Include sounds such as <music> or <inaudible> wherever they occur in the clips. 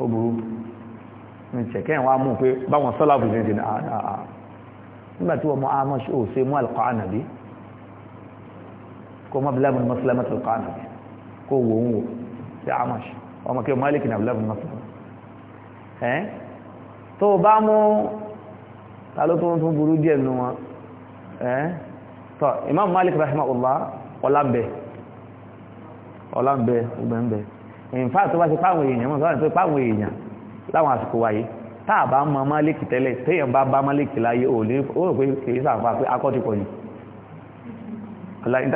ó burú ní ṣẹ̀kẹ́ wa mú pé báwọn sọ́làbù ní ìdìnà àà nígbàtí wọ́n mọ́ amash ó ṣe mú alqanabi kó mọ́ bílámù mọ́sílámù alqanabi kó wò ń wò sí amash ọmọ kí malik na bílámù mọ́sílámù ẹ́ tó bá nfa tó bá ṣe páwọn èèyàn mọ̀ sọ́wọ́n tó páwọn èèyàn láwọn àsìkò wáyé táà bá mọ máléèkì tẹ́lẹ̀ téèyàn bá bá máléèkì láyé ò ní ó rò pé kìí sàfà pé akọ́tìpọ̀ ni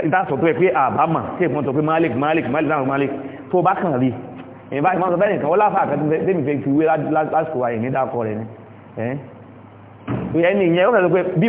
ìdásọ̀ tó yẹ pé àbámọ̀ tí èkó tó pé máléèkì máléèkì máléèkì láwọn máléèkì tó bá kàn rí ìbá ìmọ̀ sọ bẹ́ẹ̀ nìkan ó láfà àkàtún tẹ́mi fẹ́ fi wé lásìkò wáyé ní dákọ̀ rẹ̀ ni ẹni ìyẹn ó fẹ́ sọ pé bí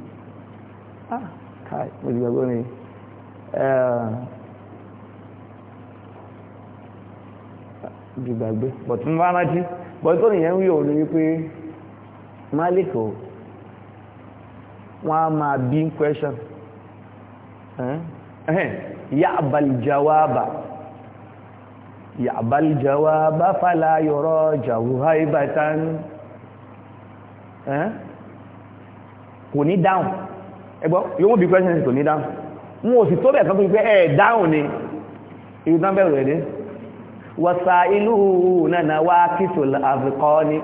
ah kai mo ti gbàgbọ́ ni ju gbàgbé bọ̀tí mo bá rántí bọ̀tí tó nìyẹn ń wí òun ni ma bin o wọ́n á máa ya abaljawaba ya fala yọrọ haibatan ẹgbọ́ yóò bí question tó ní dáhùn wọn ò sì tó bẹ̀ kan tó pé ẹ̀ dáhùn ni ìlú náà bẹ̀rù rẹ̀ dé wọ̀sà ìlú náà wá kìsùl àfikọ́ni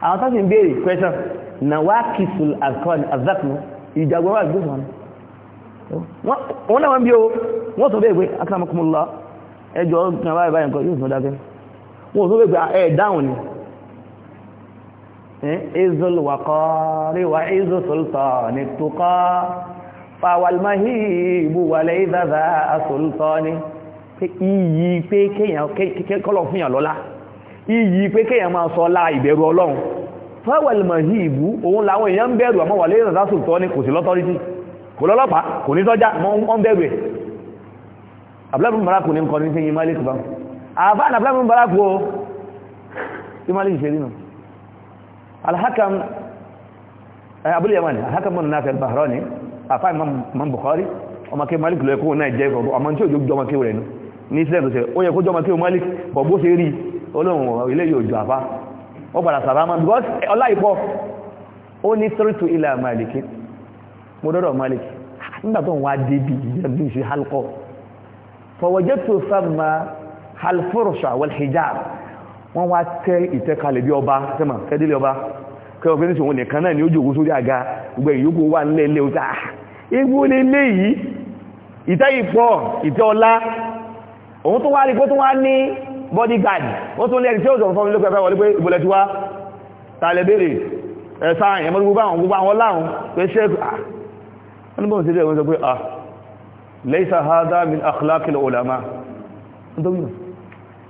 àwọn question na wá kìsùl àfikọ́ni àzákùn ìjàgbọ́n wà gbóhùn wọn náà wọ́n bí o wọ́n tó bẹ́ẹ̀ pé akọ́nàmọ́kùnmọ́lá ẹjọ́ náà báyìí báyìí nǹkan yóò sọ dákẹ́ wọ́n tó bẹ́ẹ̀ pé ẹ̀ Eh, izul waqari wa izu sultani tuqa fa wal mahibu wa laidha za sultani iyì pé kéèyàn kọ́lọ̀ fún yàn lọ́lá iyì pé kéèyàn máa sọ lá ìbẹ̀rù ọlọ́run fa wal mahibu òun làwọn èèyàn ń bẹ̀rù àmọ́ wà laidha za sultani kò sí lọ́tọ́rítì kò lọ́lọ́pàá kò ní sọ́jà wọ́n bẹ̀rù ẹ̀ abúlábùn baraku ní nǹkan ní sí yìí malik bá àbá àbúlábùn baraku ó sí malik ṣe rí náà al-hakam eh, abul yamani al-hakam bin nafi al-bahrani afa imam imam bukhari ọmọ ke malik ló ko na je bo ọmọ tí ó jọ ọmọ ke rẹ̀ nu ni se do se ó yẹ kó jọ ọmọ ke malik bo bo se ri Ọlọ́hun ilé yo jo afa ó padà salama because ola ipo ó ní sirtu ila malik mo do do malik nígbà tó wá dé bi bi se halqa fawajadtu thamma al-fursha wal hijab wọ́n wá tẹ́ ìtẹ́kalẹ̀ bí ọba sẹ́mà tẹ́dílé ọba kẹwọ́ pé níṣòwò nìkan náà ni ó jòkó sórí àga gbogbo ìyókù wà nílẹ̀ ilé òta ah, igbó lè lé yìí ìtẹ́ ìpọ̀ ìtẹ́ ọlá òun tó wá rí pé tó wá ní bodyguard ó tún lẹ́rìí tí ó sọ̀rọ̀ fọ́nmi ló pẹ́pẹ́ wọlé pé ìbòlẹ̀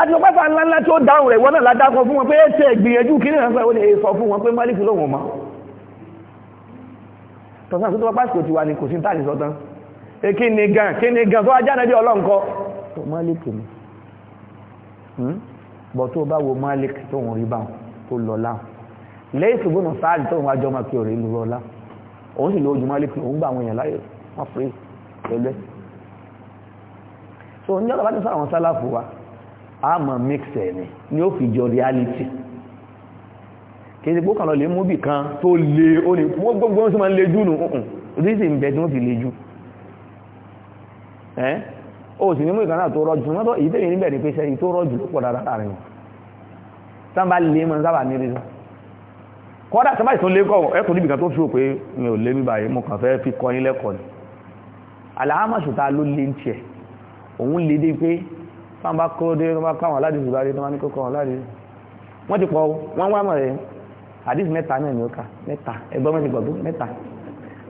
àti ọpẹ́fà ńláńlá tí ó dáhùn rẹ̀ wọ́nà ládákọ fún wọn pé ẹ̀ṣẹ̀ ìgbìyànjú kí náà sọ́wọ́n lè sọ fún wọn pé málìkù lóhùn mọ́ tọ́sán tó tọ́pá sí òtíwà ní kò sí táàlì sọ́tán kí ni gan kí ni gan tó ajá náà bí ọlọ́nkọ́ tó málìkù ni hmm? bọ̀ tó bá wo málìkù tó wọn rí báwọn tó lọ láwọn lẹ́yìn ṣùgbọ́n sáàlì tó wọn ajọ́ máa kí òrè lọ lá òun sì lójú málìkù òun gbà àwọn èèyàn láyè wọ́n pè é pẹ̀lẹ́ so ní ọ̀rọ̀ bá ti sọ àwọn sálàfù wa a mọ̀ mix ẹ̀ ni ni ó fi jọ reality kìí gbó kànlọ lè mú bì kan tó lè ó ní gbogbo ó sì máa lè jù nù rísì ń bẹ tí wọ́n fi lè jù ẹ́ ó sì ní mú ìkànnà tó rọ́jù wọ́n tó ìtẹ́yìn níbẹ̀ ní pé sẹ́yìn tó rọ́jù ló pọ̀ dára láàrin wọn sábà lè mọ́ sábà ní rí kọ́dà sábà ìtún lé kọ́ ẹ̀kùn níbi kan tó fi hàn pé mi ò lé mi báyìí mo kàn fẹ́ lè dé pé táwọn bá kó dé wọ́n bá káwọn aládìsí bá rí wọ́n ní kókó aládìsí wọ́n ti pọ̀ wọ́n wá mọ̀ rẹ̀ àdìsí mẹ́ta náà ní ó kà mẹ́ta ẹgbọ́n mẹ́ta gbọ́dọ̀ mẹ́ta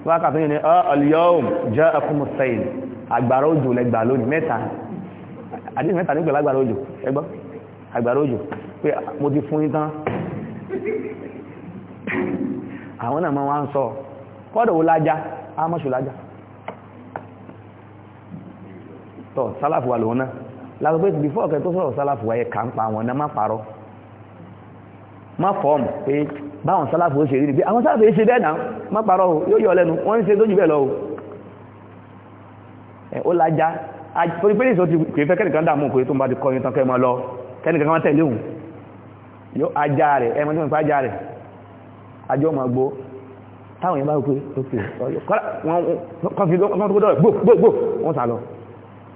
wọ́n kà tó yẹn ni ah, al-yawm ja'akum as-sayl àgbàrá òjò lẹ́gbà lónìí mẹ́ta àdìsí mẹ́ta nígbà lágbàrá òjò ẹgbọ́n àgbàrá òjò pé mo ti fún yín tán àwọn náà máa wá ń sọ kọ́dọ̀ wo lájá á mọ́ṣù lájá tọ́ sálàfù wà lòun náà láti pé before ọ̀kẹ́ tó sọ̀rọ̀ sálàfù wáyé kà ń pa àwọn náà má parọ́ má fọ́ọ̀mù pé báwọn sálàfù ó ṣe rí ni pé àwọn sálàfù ṣe bẹ́ẹ̀ náà má parọ́ o yóò yọ lẹ́nu wọ́n ń ṣe tó jù bẹ́ẹ̀ lọ o ó lajá torí pé nìṣó ti pè fẹ́ kẹ́nìkan dààmú pé tó ń bá ti kọrin tán kẹ́ mọ́ lọ kẹ́nìkan kan tẹ̀lé òun yóò ajá rẹ̀ ẹ mọ́ tí wọ́n pa ajá rẹ̀ ajọ́ ọmọ gbó táwọn yẹn bá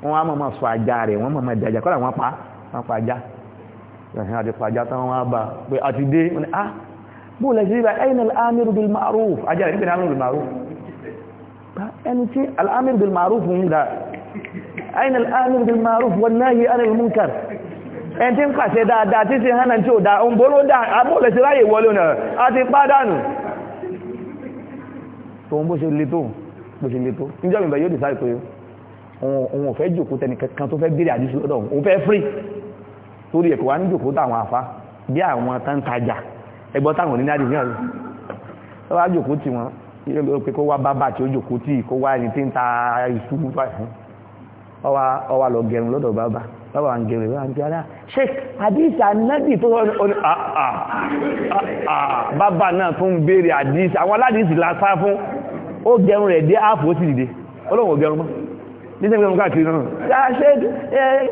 wọ́n á mọ̀mọ́ sọ ajá rẹ̀ wọ́n mọ̀mọ́ ìdájà kọ́lá wọ́n pa wọ́n pa ajá ẹ̀hìn àti pàjá tán wọ́n á bá pé àti dé wọ́n ni ah bó lẹ́sí bil ma'ruf ajá rẹ̀ nígbẹ̀rẹ̀ al'amiru bil ma'ruf ẹni tí al'amiru bil ma'ruf ń bil ma'ruf wọn náà yí anil munkar ẹni tí ń pàṣẹ dáadáa tí sí hánà tí ó dá ń bóró dá bó lẹ́sí ráyè wọlé náà àti pádánù òun ò fẹ́ jòkó tẹnìkan tó fẹ́ bèrè àdísù lọ́dọ̀ òun fẹ́ free torí ẹ̀kọ́ wa ní jòkó táwọn àfá bí àwọn tán tajà ẹgbọ́ táwọn ní náà dìgbà lọ wá jòkó tí wọn pé kó wá bábà tí ó jòkó tí kó wá ẹni tí ń ta ìṣú ọwà lọ gẹrun lọ́dọ̀ bàbá bàbá ń gẹrun ìwà ń jẹ́ ara ṣe àdíṣà nẹ́bì tó rọ́n ah, ah, ah, bàbá náà tún béèrè àdíṣà àwọn aládìsì lásá fún rẹ̀ dé áàfù ó sì dìde ọlọ́run ò gẹrun mọ́ ní tẹ́gbẹ̀rún káàkiri náà ṣe ẹ́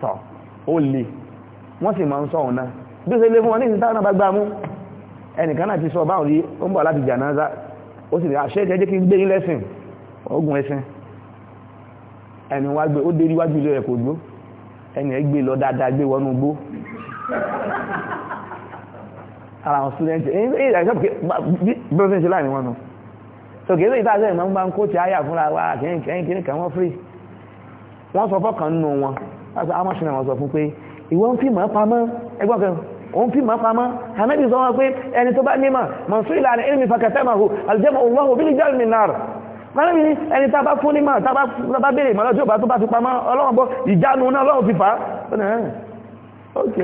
tọ̀ ó lè wọ́n sì máa ń sọ ọ̀nà bí ó ṣe lé fún wọn ní ìsintáwọn náà bá gbá mú ẹnìkan náà ti sọ báwọn rí ó ń bọ̀ láti jànáza ó sì ṣe jẹ́ kí gbé lẹ́sìn ogun ẹsìn ẹni wá gbé ó dérí wájú ilé rẹ̀ kò gbó ẹni ẹ gbé lọ dáadáa gbé wọnú gbó ara àwọn student ẹ̀yìn ẹ̀yìn ẹ̀yìn so kìí sí ìtàṣẹ́ ìmọ̀ ń bá ń kó ti áyà fúnra wa kìí kan wọ́n free wọ́n sọ fọ́kàn nù wọn láti amọ́ṣínà wọn sọ fún pé ìwọ ń fìmọ̀ pamọ́ ẹgbọ́n kan ó ń fìmọ̀ pamọ́ hanabi sọ wọn pé ẹni tó bá nímọ̀ mọ̀sùn ìlànà ilmi fakatamahu aljẹ́mọ̀ olóhùn bí nìjọ́ mi náà mọ́lẹ́bí ni ẹni tá bá fún nímọ̀ tá bá béèrè ìmọ̀lọ́ tí ó bá tó bá fi pamọ́ ọlọ́wọ́n bọ́ ìjánu náà ọlọ́wọ́ fi fà á ok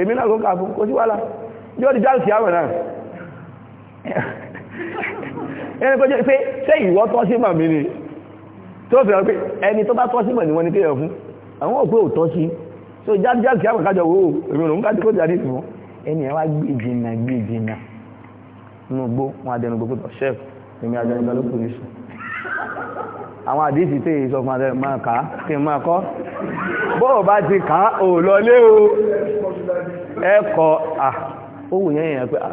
èmi náà ló kà fún kò sí wàhálà yóò di jáàlì sí àwẹ̀ ẹni tó jẹ́ pé ṣé ìwọ tọ́ sí màmí ni tó fi hàn pé ẹni tó bá tọ́ sí mọ̀ ni wọ́n ní kéèyàn fún àwọn òpé ò tọ́ sí so jájájá kí á mọ̀ kájọ wòó èmi òun kájọ kó jáde ìsìn wọn ẹni ẹ wá gbé jìnnà gbé jìnnà nínú gbó wọn adẹnu gbogbo tọ chef èmi adẹnu gbogbo lókùn níṣù àwọn àdísì tí èyí sọ fún adẹnu máa kà á kí n máa kọ́ bó o bá ti kà á ò lọlé o ẹ kọ à ó wù yẹn yẹn pé à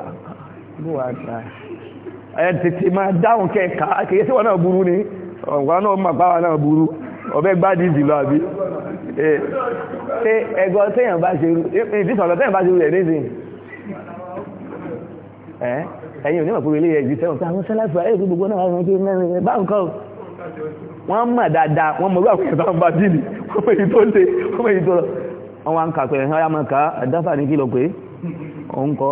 bó wàá ta ẹ ẹ tètè máa dáhùn kẹka kìí sí wọn náà burú ni ọ̀gbọ́n náà mọ̀ páwà náà burú ọ̀bẹ́ gbádì jùlọ àbí ẹgbọ́ tẹ́yàn bá ṣe rú ìdísọ̀lọ́ tẹ́yàn bá ṣe rú rẹ̀ nísìn ẹ̀yìn onímọ̀ pé ilé ẹ̀jì tẹ́wọ̀n táwọn sẹ́láfà ẹ̀rù gbogbo náà wọ́n tó mẹ́rin ń kọ́ ẹ̀hán yá mọ̀ ká àdáfà ní kí lọ pé òun kọ́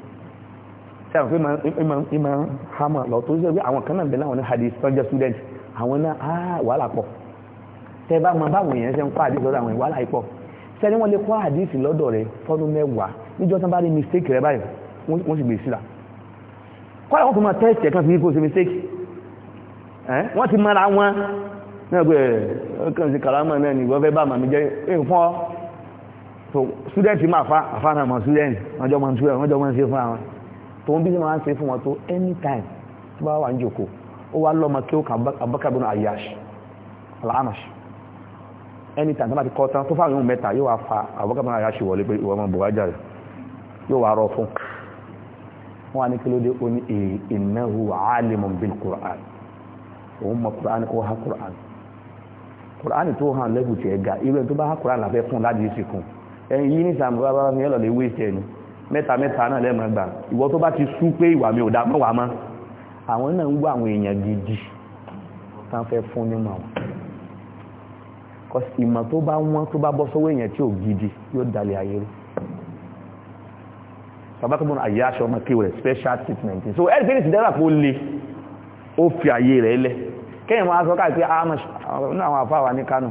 sẹ́wọ̀n pé ìmọ̀ hammer lọ tó jẹ́ pé àwọn kan náà bẹ̀rẹ̀ àwọn ní hadith tó jẹ́ student àwọn náà áà wàhálà pọ̀ tẹ́ bá mọ báwọn èèyàn ṣe ń kọ́ hadith lọ́dọ̀ àwọn ìwàhálà ìpọ̀ sẹ́ni wọ́n lè kọ́ hadith lọ́dọ̀ rẹ̀ fọ́dún mẹ́wàá níjọ́ tán bá rí mistake rẹ̀ báyìí wọ́n sì gbé sílá kọ́lá wọ́n fi máa tẹ́ẹ̀tì ẹ̀kan fi kó ṣe mistake wọ́n ti mara wọn náà pé ọkàn sí kàlámà náà ni wọ́n fẹ́ bá màmí jẹ́ èèyàn so student máa fa àfáànà mọ̀ student wọ́n jọ mọ̀ sí fún àwọn tòun bí sí máa ń ṣe fún wọn tó anytime tó bá wà ń jòkó ó wá lọ́mọ kí ó kà abákàbínú ayash alamash anytime tó bá ti kọ́ tó fáwọn ohun mẹ́ta yóò fa abákàbínú ayash wọlé pé ìwọ́n bọ̀ wájà rẹ̀ yóò wá rọ fún wọn ní kí ló dé ó ní e, alimun bil Qur'an òun mọ ha Qur'an Qur'an tó hàn lẹ́gùn ga tó bá ha Qur'an fún láti ìsìnkú ẹ̀yìn yìí ní mẹ́ta mẹ́ta náà lẹ́mọ̀ gbà ìwọ tó bá ti sú pé ìwà mi ò dá mọ́ wà mọ́ àwọn náà ń wá àwọn èèyàn gidi tán fẹ́ fún nímọ̀ wọn kọ́sì ìmọ̀ tó bá wọ́n tó bá bọ́ sọ́wọ́ èèyàn tí ò gidi yóò dalẹ̀ ayé rú sabakabon ayé aṣọ ọmọ kéwò rẹ̀ special treatment so ẹ̀rì pé ní ìsìdára kó le ó fi ayé rẹ̀ lẹ̀ kẹ́yìn wọn aṣọ káàkiri ah, àwọn afáwà ní Kánò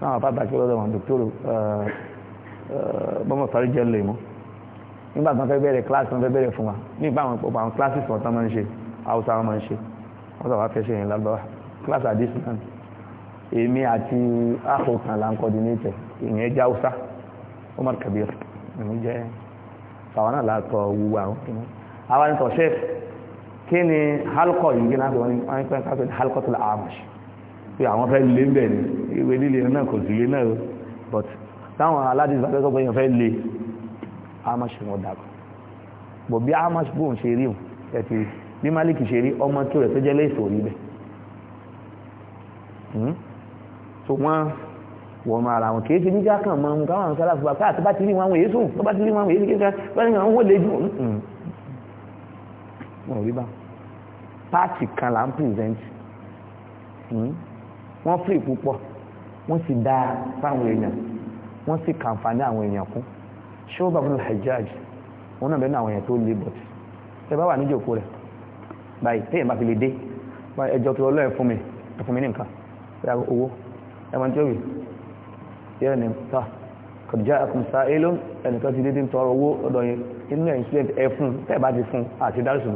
náà àfáà bàjẹ́ lọ́dọ̀ wọn dòkítọ́rọ̀ eh, eh, bọ́mọ̀ sáré jẹ́ lè mọ́ nígbà tán fẹ́ bẹ̀rẹ̀ kíláàsì tán fẹ́ bẹ̀rẹ̀ fún wa nígbà àwọn ọ̀pọ̀ àwọn kíláàsì kan tán máa ń ṣe haúsá wọn máa ń ṣe wọ́n sọ̀rọ̀ afẹ́ṣẹ́ yẹn lágbára kíláàsì àdísù náà èmi àti àkókàn là ń kọ́dínétẹ̀ ìyẹn jẹ́ haúsá Omar Kabir èmi jẹ́ sàwọn náà látọ̀ wúwo àwọn kìnnì àwa ń sọ ṣẹ́f kí ni halkọ yìí náà fi wọ́n pẹ́ ká pẹ́ halkọ tó la àmàṣ pé àwọn fẹ́ lé ń bẹ̀ ni ìwé líle náà kò sí lé náà but táwọn aládìsí amash wọn dàgbà bọ̀ bí amash bóun ṣe rí o ẹ ti bí malik ṣe rí ọmọ tó rẹ̀ tó jẹ́ lẹ́sọ̀ rí bẹ́ẹ̀ hmm? so wọ́n wọ́n máa ra wọn kìí ṣe níjà kan mọ́ nǹkan àwọn sálà fún wa káà tó bá ti rí wọn àwọn èyí sùn tó bá ti rí wọn àwọn èyí kékeré bá ní àwọn wọlé jù hmm. wọn rí bá páàtì kan là ń pìrìsẹ́ǹtì hmm? wọ́n fìrì púpọ̀ wọ́n sì dáa fáwọn èèyàn wọ́n sì kàǹfààní àwọn èèyàn kún ṣọ́bà bin al-hajjaj wọn náà bẹ́ẹ̀ náà àwọn èèyàn tó lè bọ̀ tí ẹ bá wà ní ìjòkó rẹ̀ báyìí téèyàn bá fi lè dé ẹjọ́ tó lọ́ọ̀ fún mi ẹ fún mi ní nǹkan ẹ owó ẹ máa ń tí ó wì yẹ́rẹ̀ ní ta kọjá ẹkùn sa elon ẹnìkan ti dédé ń tọrọ owó ọ̀dọ̀ yẹn inú ẹ̀ ń sílẹ̀ ẹ fún tẹ́ẹ̀ bá ti fún àti dárùsùn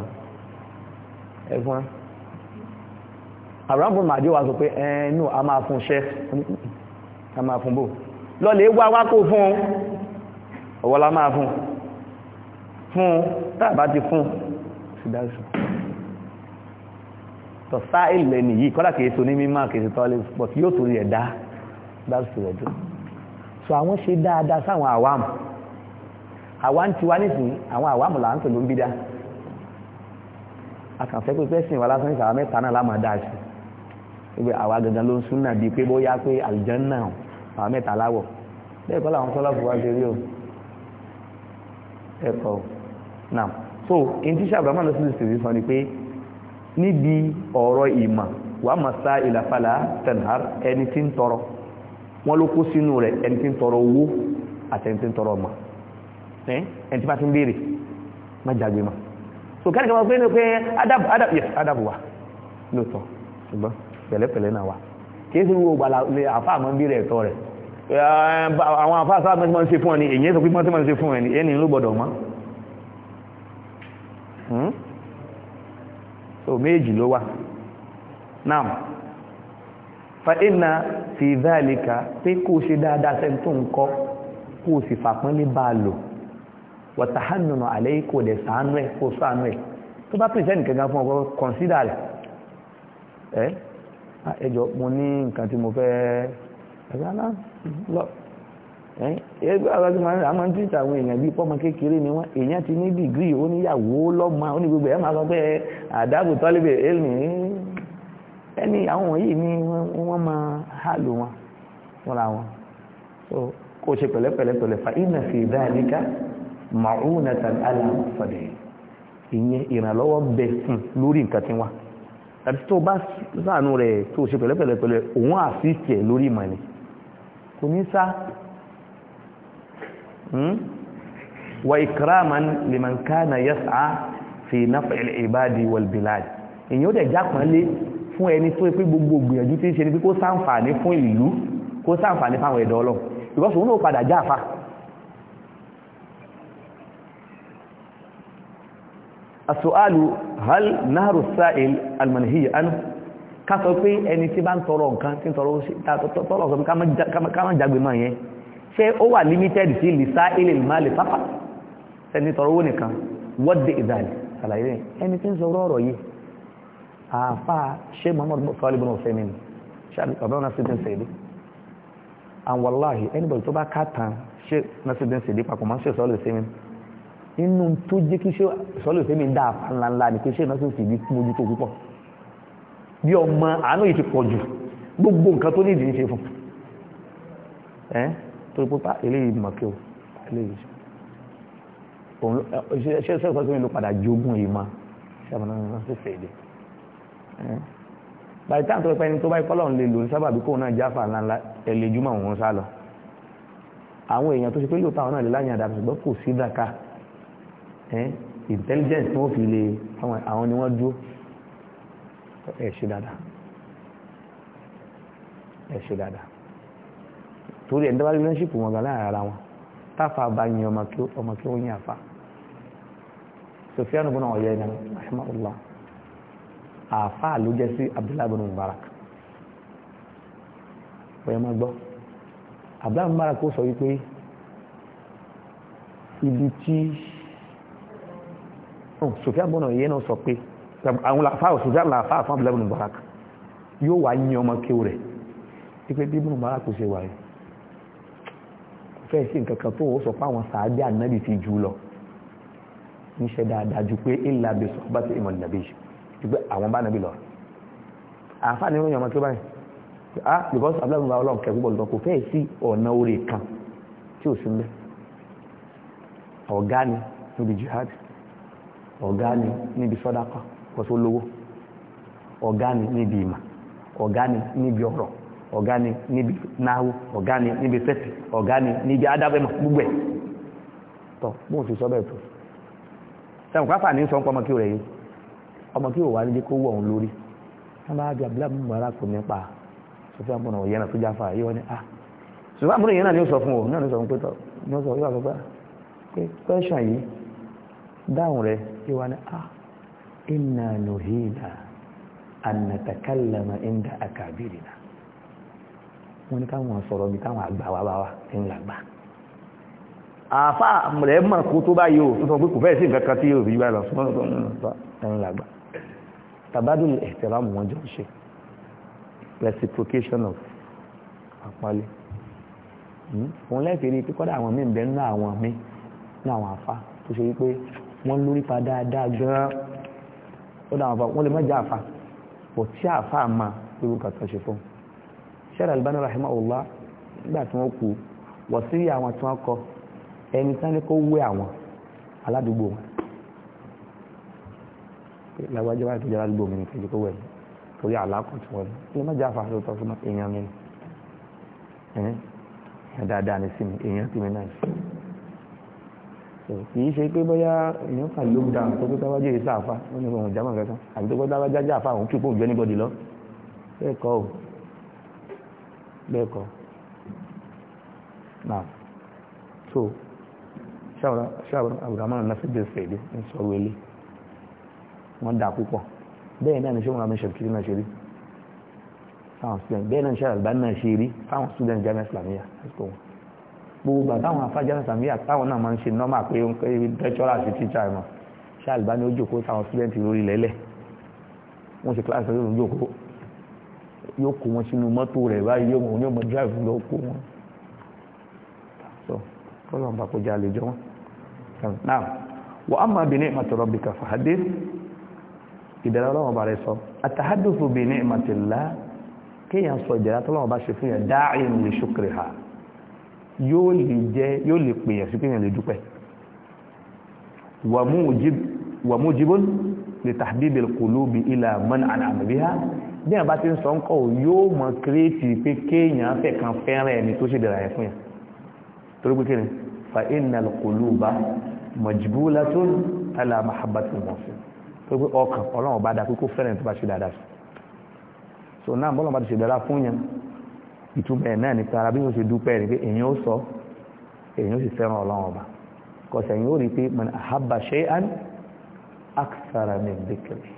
ẹ fún ẹ àrùn wa sọ pé ẹnu a máa fún ṣẹ́ a máa fún bò lọ́lẹ̀ wá wá kó fún un ọwọ́lá máa fún fún tàbá ti fún ṣùdáṣù tọ̀ sáìl lẹ́ni yìí kọ́lá kìí so ní mímọ̀ kìí tọ́lé pọ̀ tí yóò torí ẹ̀dá dáṣù ẹ̀dọ́ so àwọn ṣe dáadáa sáwọn àwàmù àwa ń tiwa nísìnyí àwọn àwàmù là ń pè ló ń bí dá akànfẹ́ pé pẹ́sìn wà lásán ìsàwà mẹ́ta náà lámà dáa sí àwa gangan ló ń súnà bíi pé bóyá pé àlùjànnà àwọn mẹ́ta láwọ̀ bẹ́ẹ̀ kọ́ làwọn sọ́lá fún ṣe rí o ẹ̀kọ́ now so in tí sábà máa lọ sí ìsìnkú sọ ni pé níbi ọ̀rọ̀ ìmọ̀ wà máa sá ìlàfàlà tẹ̀nhàr ẹni tí ń tọrọ wọ́n ló kó sínú rẹ̀ ẹni tí ń tọrọ owó àti ẹni tí ń tọrọ ọmọ ẹni tí bá ti so kẹ́ni kan máa pé ní pé adabu yes adabu wa lóòótọ́ ṣùgbọ́n pẹ̀lẹ́pẹ̀lẹ́ náà wa kì í ṣe gbogbo àfáà máa ń béèrè ẹ̀tọ́ Ah, àwọn àfáàsá mẹ́tí máa ń se fún ẹni èyí sọ pé mọ́tí máa ń ṣe fún ẹni ẹni ló gbọ́dọ̀ mọ́ hmm? so méjì ló wà náà fa iná fi dhalika pé kó ṣe dáadáa sẹ́ni tó ń kọ́ kó sì fàpínlẹ̀ bá a lò wàtàhánùnà àlẹ́ kò dẹ̀ sàánú ẹ̀ kó sàánú ẹ̀ tó bá pèsè nìkan gan fún ọkọ̀ consider rẹ̀ ẹ́ ah, ẹjọ́ mo ní nǹkan tí mo fẹ́ ẹ̀rọ aláàbò ah, lọ ẹgbẹ́ àwọn ọmọ àmọ́ tí ìtàwọn èèyàn bíi pọ́mọ kékeré ni wọ́n èèyàn ti ní dìgírì ó níyàwó lọ́mọ ó ní gbogbo ẹ̀ máa sọ pé àdábù tọ́lébẹ̀ èlì ẹni àwọn wọ̀nyí ni wọ́n máa hà lò wọn fúnra wọn so kó o ṣe pẹ̀lẹ́pẹ̀lẹ́pẹ̀lẹ́ fa iná fi dáadíká màúnatan aláàfọ̀dẹ̀ ìyẹn ìrànlọ́wọ́ bẹ̀ fún lórí nǹkan tí wọ́n àti tó bá sàánú kò ní sá hmm? wa ikraman liman kana yas'a fi naf'il ibadi wal bilad èyàn ó dẹ̀ jápọ̀nlé fún ẹni tó pé gbogbo gbìyànjú tí ń ṣe ni pé kó sáǹfààní fún ìlú kó sáǹfààní fáwọn ẹ̀dọ́ ọlọ́ because ká sọ pé ẹni tí bá ń tọrọ nǹkan tí ń tọrọ tọrọ sọ pé ká má jágbe mọ́ yẹn ṣé ó wà limited sí lisa ilé ìmá lè pápá ẹni tọrọ owó nìkan wọ́dẹ̀ ìdàlẹ̀ àlàyé rẹ̀ ẹni tí ń sọ ọ̀rọ̀ yìí àfà ṣé muhammadu sọ́ọ́lì bọ́nà ọ̀fẹ́ mi ṣáàbí ọ̀bẹ́ wọn nasiru sèdí and anybody tó bá ká tán ṣé nasiru sèdí papọ̀ máa ń ṣe sọ́ọ́lì sẹ́mi nínú tó jẹ́ kí ni pé ṣé nasiru sèdí mójútó púpọ̀ bí ọmọ àánú yìí ti pọ̀ jù gbogbo nǹkan tó ní ìdí ń ṣe fún ẹ́ tó pípa ah, eléyìí mọ̀kí o eléyìí ṣe ṣe ọ̀sán tó ń lo padà jogún yìí máa ṣàbọ̀n náà ṣe fẹ́ èdè báyìí táà tó pẹ́ ní tó báyìí kọ́lọ̀ ń lè lò ní sábà intelligence tí wọ́n fi lè ẹ ṣe dáadáa ẹ ṣe dáadáa torí ẹ̀ ń wọn gan láàrin ara wọn táfà bá yin ọmọ kí ọmọ kí ó yin àfà Sufyan ibn Uyayna rahimahullah àfà ló jẹ́ sí Abdullahi ibn o bẹ́ẹ̀ yi gbọ́ ibi tí oh, Sufyan ibn Uyayna sọ pé. àwọn làfáà òṣìṣẹ́ làfáà fún abúlé ibùn mubarak yóò wá yín ọmọ kéwù rẹ̀ ipe bí ibùn mubarak ṣe wà yìí fẹ́ sí nǹkan kan tó wọ́n sọ pé àwọn sàábì ànábì fi jù lọ níṣẹ́ dáadáa ju pé ìlà bí sọ bá ti ìmọ̀ nàbí ju pé àwọn bá nàbí lọ àfáà ní ìròyìn ọmọ kéwù báyìí ah because abúlé ibùn mubarak kẹ́ púpọ̀ lọ kò fẹ́ sí ọ̀nà orí kan tí ò sí mẹ́ ọ̀gá ni níbi jihad ọ̀gá ni níbi sọ́dákọ̀ kọ́sọ́ lówó ọgani níbi ọgani ọ̀gá ọrọ, níbi ọ̀rọ̀ ọ̀gá níbi náwó ọ̀gá níbi fẹ́tì ọ̀gá níbi adábẹ́mọ̀ gbogbo tọ́ mú òsì sọ tó sẹ́wọ̀n káfà ní ọmọ kí o rẹ̀ yìí ọmọ kí o wà níbi kó wọ̀ òun lórí wọ́n bá bí abúlé kò nípa tó yìí wọ́n ah. sọ fún o náà ni sọ fún pé inna nuhina an natakallama inda akabirina wọ́n ní káwọn sọ̀rọ̀ bí káwọn àgbà wá wá wá tí ń làgbà àfá rẹ̀ mọ̀ kó tó bá yóò tó sọ pé kò fẹ́ sí nǹkan kan tí yóò fi yíwá lọ súnmọ́ tó mm, ń làgbà tabadul ihtiram wọn jọ ṣe reciprocation of àpọ́nlé hmm? òun lẹ́ẹ̀kì rí pé kọ́dà àwọn míì bẹ́ẹ̀ nínú àwọn míì nínú àwọn àfá tó ṣe wípé wọ́n lórí pa dáadáa gan-an ó dáwọn àfà wọ́n lè mẹ́jọ àfà bọ̀ tí àfà ma irú kàtọ́ ṣe fún ṣẹ́rẹ̀ Albani rahimahullah nígbà tí wọ́n kú wọ̀ sí àwọn tí wọ́n kọ ẹni tán ní kó wé àwọn aládùúgbò wọn lágbájá báyìí tó jẹ́ aládùúgbò mi nìkan kó wẹ̀ torí àlákùn tí wọ́n lè mẹ́jọ àfà lóòótọ́ fún èèyàn mi ni dáadáa ní sí mi èèyàn tì mí náà kìí ṣe pé bóyá èèyàn kà ló da tó pé tábàjẹ́ yìí sáàfà ó ní ọmọ ìjàmọ̀ kankan àbí tó pé tábàjẹ́ jáfà òun kí òun jẹ́ níbọ̀dì lọ bẹ́ẹ̀ kọ́ ò bẹ́ẹ̀ kọ́ náà so ṣáàbùrọ̀ abdulrahman nasir ṣèdí ń sọ̀rọ̀ ilé wọ́n dà púpọ̀ bẹ́ẹ̀ náà ni ṣé wọn àmì ṣèkìrì náà ṣe rí fáwọn student bẹ́ẹ̀ náà ṣe àgbà náà ṣe rí fáwọn student jamiu islamiyah ẹ̀sùn gbogbo gbà táwọn afájá sàmíyà táwọn náà máa ń ṣe nọ́mà pé ó ń pẹ́ tẹ́tọ́rà sí tíjà ẹ̀mọ́ ṣáàlùbá ni ó jòkó táwọn sílẹ̀ǹtì lórí lẹ́lẹ̀ wọ́n ṣe kíláàsì lórí jòkó yóò kó wọn sínú mọ́tò rẹ̀ báyìí yóò wọn yóò mọ dráìfù lọ kó wọn sọ tọ́lọ̀ ń bá kó já àlejò wọn. náà wọ́n á máa bìnrin ìmọ̀tọ̀rọ̀ bìkà fàdé ìdára ọlọ́run bá rẹ sọ àtàhádùfù bìnrin ìmọ̀tìlá kéèyàn sọ ìdára tọ́lọ́run bá ṣe fún yẹn dáàrin lè ṣókèrè ha yóò lè jẹ́ yóò lè pèyàn sí pèyàn lè dúpẹ́ wà mú jíbón lè tàbíbì kòlóbi ilà mọ́n àdàmàbíhá bí a bá ti ń sọ ń kọ́ yóò mọ̀ kírétì pé kéèyàn fẹ̀kan fẹ́ràn ẹni tó ṣe dẹ̀rà ẹ̀ fún yàn torí fa iná kòlóba mọ̀jìbúlá tó ala mahabbatin mọ̀fin tó pé ọkàn ọlọ́run bá dá pé kó tó bá ṣe dáadáa so náà bọ́lọ̀ bá ti ṣe dáadáa fún yàn ìtumọ̀ ẹ̀ náà ní pé arábí yóò ṣe dúpẹ́ ní pé èyàn ó sọ èyàn ó sì fẹ́ràn ọlọ́run ọba kọsẹ̀ yóò rí pé man ahabba shay'an akthara min dhikri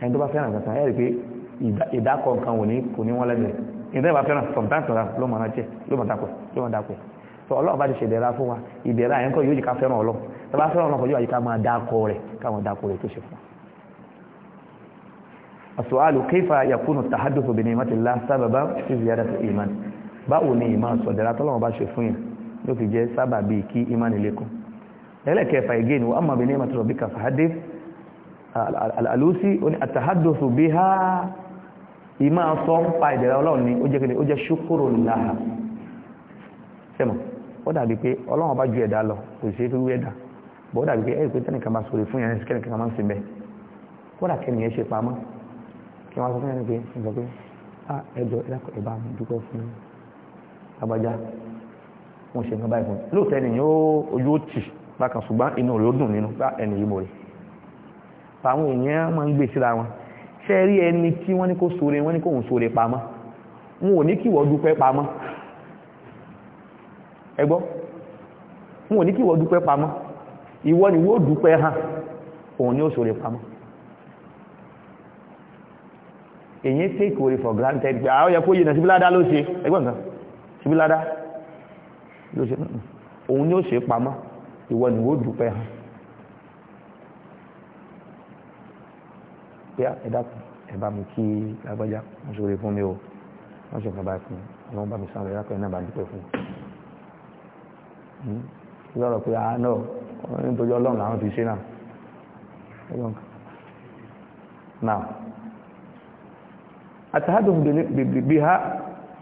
ẹni tó bá fẹ́ràn kankan ẹ̀ rí pé ìdákọ̀ nǹkan wò ní kò ní wọ́n lẹ́nu ìdá ìbá fẹ́ràn sometimes ọ̀la ló mọ̀ jẹ́ ló mọ̀ dápẹ́ ló mọ̀ dápẹ́ tó ọlọ́run bá ti ṣe ìdẹ̀ra fún wa ìdẹ̀ra yẹn kọ́ yóò jì ká fẹ́ràn ọlọ́run tó bá fẹ́ràn ọlọ́run kọ́ yóò àyíká máa dákọ̀ rẹ̀ káwọn dákọ̀ rẹ̀ tó ṣe fún wa السؤال كيف يكون التحدث بنعمة الله سببا في زيادة الإيمان báwo ni ìmán sọ̀dẹ̀rà tọ́lọ́wọ́ bá ṣe fún yín ló fi jẹ́ sábà bí kí ìmán ilékún ẹlẹ́kẹfà again wa amma bi ni'mati rabbika fahaddith al-alusi ó ní at-tahaddathu biha ìmá sọ ń pa ìdẹ̀ra ọlọ́run ni ó jẹ́ kí ni ó jẹ́ ṣúkúrò láha sẹ́mọ̀ ó dàbí pé ọlọ́run bá ju ẹ̀dá lọ kò sí fi wú ẹ̀dá bọ́ dàbí pé ẹ̀rì pé tẹ́nìkan bá sọ̀rọ̀ fún yẹn kẹ́nìkan máa ń sin bẹ́ẹ̀ kódà kẹ́nìyàn ṣe pamọ́ kí wọ́n sọ fún ẹni pé ẹ̀jọ̀ pé ẹjọ́ ẹ̀dàkọ̀ ẹ̀bá mi dúpẹ́ fún agbájá wọ́n ṣe nǹkan báyìí fún lóòótọ́ ẹni yóò ojú ó tì bákan ṣùgbọ́n inú rẹ̀ ó dùn nínú bá ẹni yìí mọ̀ rẹ̀ àwọn èèyàn máa ń gbé síra wọn ṣe rí ẹni tí wọ́n ní kó sóre wọ́n ní kóhùn sóre pamọ́ wọn ò ní kí wọ́n dúpẹ́ pamọ́ ẹ gbọ́ wọn ò ní kí wọ́n dúpẹ́ pamọ́ ìwọ ni wọ́n dúpẹ́ hàn òun ni ó sóre pamọ́ èyí take worry for granted pé àwọn ah, yẹpọ̀ yìí náà síbíládá ló ṣe ẹgbọ́n kan síbíládá ló ṣe òun ni ó ṣe pamọ́ ìwọ ni ó dúpẹ́ hàn pé ẹ̀dàkùn ẹ̀bá mi kí lágbájá wọ́n ṣe orí fún mi o wọ́n ṣe kàbá fún ọlọ́run bá mi sáré lápẹ́ náà bá dúpẹ́ fún un lọ́rọ̀ hmm? pé àánú ah, nítorí ọlọ́run làwọn fi ṣe náà náà àtàdùn bèbèbèbèha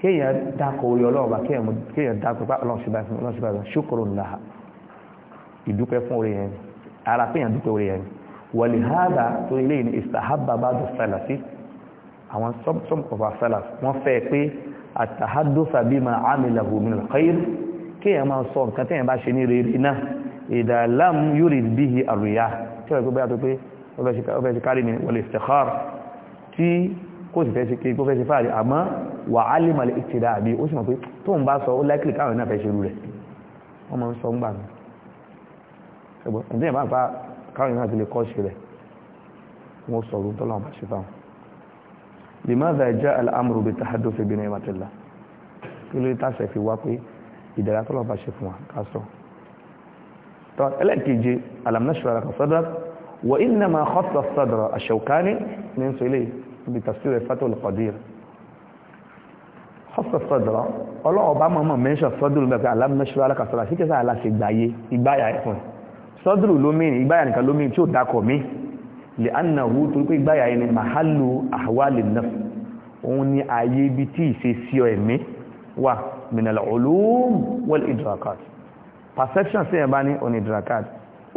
kéèyàn dákọ̀ orí ọlọ́ọ̀bá kéèyàn dákọ̀ bá ọlọ́ọ̀ṣìbá fún ọlọ́ọ̀ṣìbá fún ṣókòrò ńláha ìdúpẹ́ fún orí yẹn ara pé yàn dúpẹ́ orí yẹn wàlì hádà tó ilé ní ìsàhábà bá dùn sálàsí àwọn sọ́mkọ̀fà sálàsí wọ́n fẹ́ pé àtàhádùsà bí ma àmìlàhù min alkhair kéèyàn máa sọ nǹkan téèyàn bá ṣe ní rere náà ìdàlám yúrì bíhi àrùyá kó sì fẹ́ ṣe kí kó fẹ́ ṣe fáàrí àmọ́ wà á lè màlẹ̀ ìtìdá àbí ó sì mọ̀ pé tó ń bá sọ ó láìkìlì káwọn náà fẹ́ ṣe rú rẹ̀ wọ́n máa ń sọ ń gbà mí ṣùgbọ́n ǹjẹ́ ìbá bá káwọn náà ti lè kọ́ ṣe rẹ̀ wọ́n sọ ọ̀rọ̀ tọ́lọ́ bá ṣe fáwọn. limadha jaa al-amru bi tahaddufi bi ni'matillah kí ló tàṣẹ fi wá pé ìdára ní ń sọ eléyìí níbi tafsir Fathul Qadir ọ̀sọ̀ sọ́dọ̀rọ̀ ọlọ́wọ́ bá mọ̀mọ̀ mẹ́ṣọ̀ sọ́dọ̀rọ̀ mẹ́fẹ́ alámúnáṣọ́ alákàtọ́lá sí kẹsà aláṣẹ gbáyé ìgbáyà ẹ̀fún sọ́dọ̀rọ̀ lómìnì ìgbáyà nìkan lómìnì tí ó dákọ̀ mí lè annahu torí pé ìgbáyà ẹni mahalu ahwali nafs òun ni ayé ibi tí ìṣe sí ọ ẹ̀mí wà minal ulum wal idrakat perception sí ẹ̀bá ní on idrakat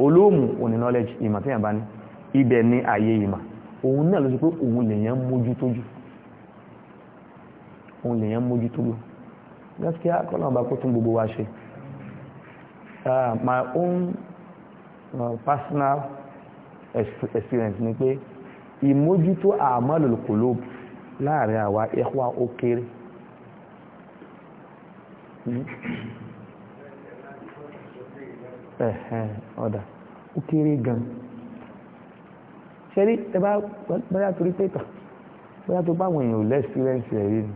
olóòmù on knowledge ìmọ̀ tí ẹ̀bá ní ibẹ̀ ní ayé ìmọ̀ òun náà ló sọ pé òun lèyàn mójú tójú òun lèyàn mójú tójú gaskiya kọ́nà bá kó tún gbogbo wa ṣe my own uh, personal experience ni pé ìmójútó àmọ́lò kòlóòbù láàrin àwa ẹ̀hwá ó kéré ẹ̀hẹ́n ọ̀dà ó kéré gan-an ṣẹ́rí tẹbá bóyá torí pẹ́tà bóyá tó bá àwọn èèyàn lẹ́sìrẹ́sì ẹ̀rí ni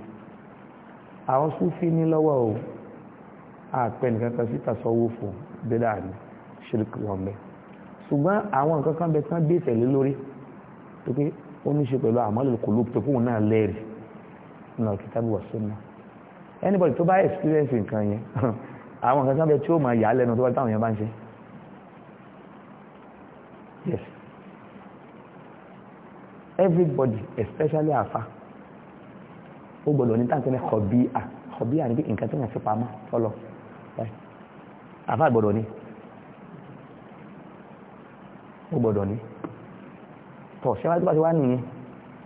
àwọn súnfí ní lọ́wọ́ o àpẹ nìkan kan síta sọ́wọ́ fún bẹ́dà ní ṣílùkù lọ́mẹ́ ṣùgbọ́n àwọn nǹkan kan bẹ tán bí ìtẹ̀lé lórí tó pé ó ní ṣe pẹ̀lú àmọ́lẹ̀ kò ló pẹ̀kú náà lẹ́rì náà kìtà bí wọ́n sọ́nà anybody tó bá experience nǹkan yẹn <laughs> àwọn nǹkan kan bẹ tí ó máa yà á lẹ́nu tó bá táwọn yẹn bá ń ṣe everybody especially àfa ó gbọ́dọ̀ ní táǹkì ní kọ̀bíà kọ̀bíà ní nǹkan tí wọ́n fi pamọ́ fọlọ́ àfa gbọ́dọ̀ ní ó gbọ́dọ̀ ní tọ̀ síwájú bá ti wá nìyẹn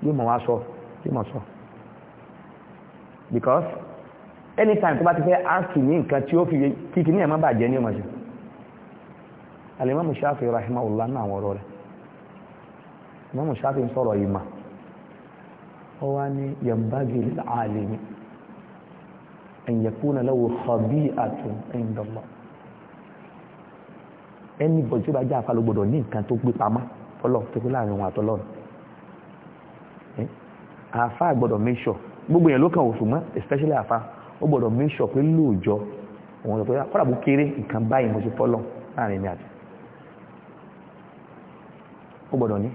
yóò mọ̀ wá sọ yóò mọ̀ sọ because anytime tó bá ti fẹ́ ask ní nǹkan tí ó fi kíkí ní ẹ̀mọ́ bàjẹ́ ní ọmọ ṣe alimami shafi rahimahullah náà wọ́rọ̀ rẹ̀ mọ́mù ṣáfi ń sọ̀rọ̀ ìmà ó wá ní yambagi alimi an yakuna lahu khabi'atun inda Allah ẹni bọ̀ tí ó bá jẹ́ àfà ló gbọ́dọ̀ ní nǹkan tó gbé pamọ́ fọlọ́ tó kú láàrin òun àtọlọ́run eh? àfà gbọ́dọ̀ make gbogbo yẹn ló kàn òṣù mọ́ especially àfà ó gbọ́dọ̀ make sure pé lóòjọ́ òun lọ pé kọ́dà bó kéré nǹkan báyìí mo ṣe fọlọ́ láàrin mi àti ó gbọ́dọ̀ ní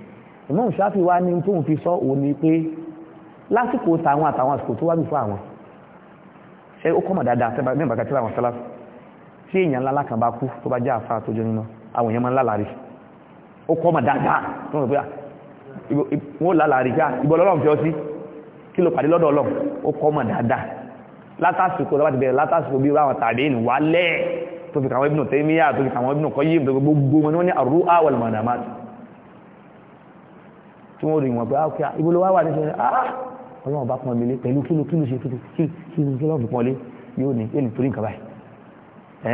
Imam Shafi wá ní tóun fi sọ òun ni pé lásìkò tàwọn àtàwọn àsìkò tó wá bí fún àwọn ṣe ó kọ́mọ̀ dáadáa tẹ́bà ní ìbàkà tí àwọn sálá tí èèyàn ńlá kan bá kú tó bá jẹ́ àfáà tó jẹ́ nínú àwọn èèyàn máa ń lálàrí ó kọ́mọ̀ dáadáa ah, wọ́n lálàrí já ìbọn ah, lọ́lọ́run fi ọ sí kí ló pàdé lọ́dọ̀ ọlọ́run ó kọ́mọ̀ dáadáa látàsìkò tó bá ti bẹ̀rẹ̀ látàsìkò bí ráwọn tàbí àwọn àlùmọ̀dàmáàtì tí wọ́n rí wọn pé ákíá ah, ah, ibo ló wá wà níṣẹ́ ah, ah ọlọ́run bá pọn mílé pẹ̀lú kí ló kí ló ṣe kí ló kí ló fi pọn lé yóò ní èlù torí nǹkan báyìí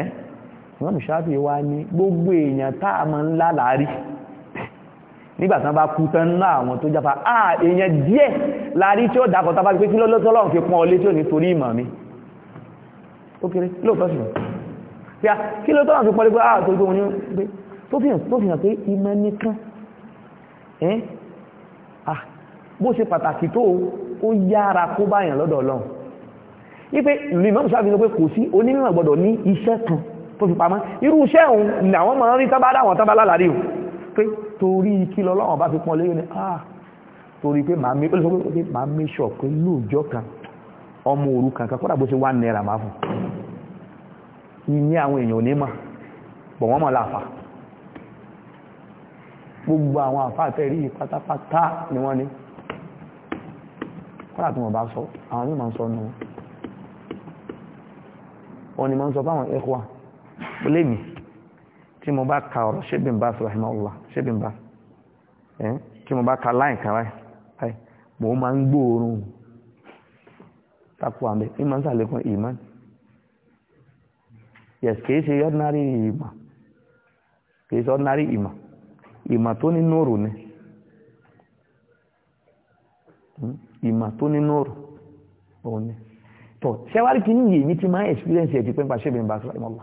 ẹ́ wọ́n mú ṣáàbì wá ní gbogbo èèyàn tá a máa ń lá láàrí <laughs> nígbà tán bá kú tán ná àwọn tó jápa á èèyàn díẹ̀ láàrí tí ó dàpọ̀ tá a bá gbé kí lọ́lọ́tọ́ ọlọ́run fi pọn ọlé tí ò ní torí ìmọ̀ mi ó kéré lóòótọ́ sí ah bó ṣe pàtàkì tó ó yára kó báyàn lọ́dọ̀ ọlọ́run wípé ìlúmọ̀ sáàbí sọ pé kò sí onímọ̀ gbọ́dọ̀ ní iṣẹ́ kan tó fi pamọ́ irú iṣẹ́ òun ni àwọn máa ń rí tábádà àwọn tábá lálàrí o pé torí kí lọ́lọ́run bá fi pọ́n léyìn ni ah torí pé màá mi olùsọ pé màá mi sọ pé lóòjọ́ kan ọmọ òru kankan kódà bó ṣe wà náírà máa fún ìyẹn àwọn èèyàn ò bọ̀ wọ́n mọ̀ láàfàá gbogbo àwọn àfáàtẹ̀rí pátápátá ni wọ́n ni kọ́lá tí wọ́n bá sọ àwọn ní ma ń sọ nù ni ma ń sọ fáwọn ẹ̀kọ́ lémi tí mo bá ka ọ̀rọ̀ ṣébìn bá mo bá ka láì kan ma yes kìí ṣe ordinary ordinary ìmọ̀ ìmà tó ní nóòrò ni hmm? ìmà tó ní nóòrò òun ni tọ́ ṣẹ́wárí kí ní yìí ní ti máa experience ẹ̀ ti pẹ́ pàṣẹ ìbìnrin bá sọ́rọ̀ ìmọ̀lá